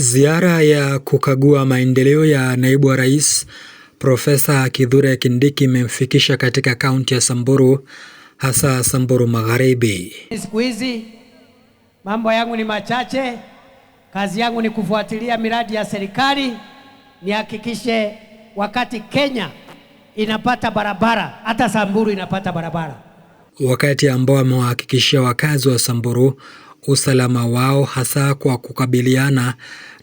Ziara ya kukagua maendeleo ya naibu wa rais Profesa Kithure Kindiki imemfikisha katika kaunti ya Samburu, hasa Samburu Magharibi. Siku hizi mambo yangu ni machache, kazi yangu ni kufuatilia miradi ya serikali, nihakikishe wakati Kenya inapata barabara, hata Samburu inapata barabara, wakati ambao amewahakikishia wakazi wa Samburu usalama wao hasa kwa kukabiliana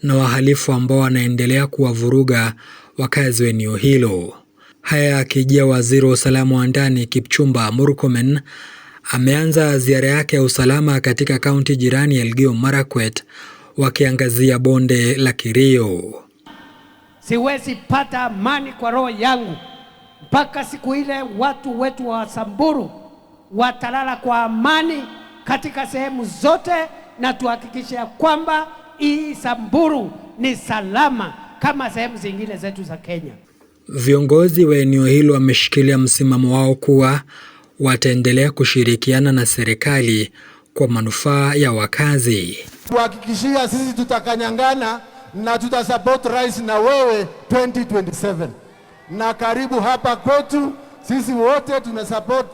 na wahalifu ambao wanaendelea kuwavuruga wakazi wa eneo hilo. Haya akijia, waziri wa usalama wa ndani Kipchumba Murkomen ameanza ziara yake ya usalama katika kaunti jirani ya Elgeyo Marakwet, wakiangazia bonde la Kirio. Siwezi pata amani kwa roho yangu mpaka siku ile watu wetu wa Samburu watalala kwa amani katika sehemu zote, na tuhakikishe ya kwamba hii Samburu ni salama kama sehemu zingine zetu za Kenya. Viongozi wa eneo hilo wameshikilia msimamo wao kuwa wataendelea kushirikiana na serikali kwa manufaa ya wakazi. Tuhakikishia sisi tutakanyangana na tutasupport rais na wewe 2027 na karibu hapa kwetu, sisi wote tunasupport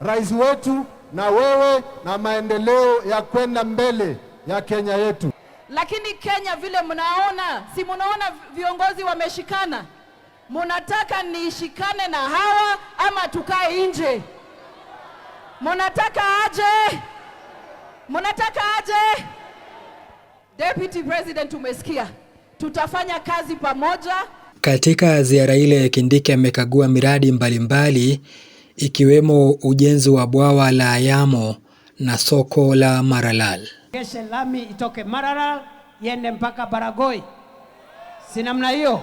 rais wetu na wewe na maendeleo ya kwenda mbele ya Kenya yetu. Lakini Kenya vile mnaona, si mnaona viongozi wameshikana? Munataka nishikane na hawa ama tukae nje? Mnataka aje? Mnataka aje? Deputy President, umesikia, tutafanya kazi pamoja. Katika ziara ile, Kindiki amekagua miradi mbalimbali mbali, ikiwemo ujenzi wa bwawa la Ayamo na soko la Maralal. Keshe lami itoke Maralal iende mpaka Baragoi, si namna hiyo?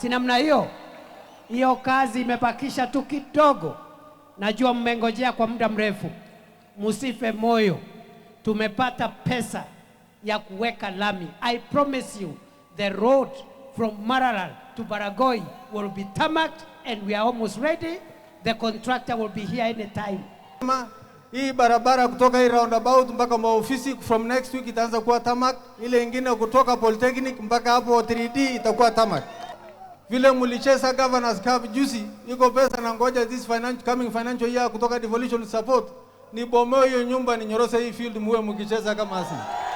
Si namna hiyo? Hiyo kazi imebakisha tu kidogo. Najua mmengojea kwa muda mrefu, musife moyo. Tumepata pesa ya kuweka lami. I promise you the road from Maralal to Baragoi will be tarmacked and we are almost ready. The contractor will be here any time. Hii barabara kutoka hii roundabout mpaka maofisi from next week itaanza kuwa tamak. Ile ingine kutoka Polytechnic mpaka hapo 3D itakuwa tamak. Vile mulicheza governors cup juzi, iko pesa na ngoja this financial coming financial year kutoka devolution support ni bomoe hiyo nyumba, ni nyorose hii field, muwe mkicheza kama asili.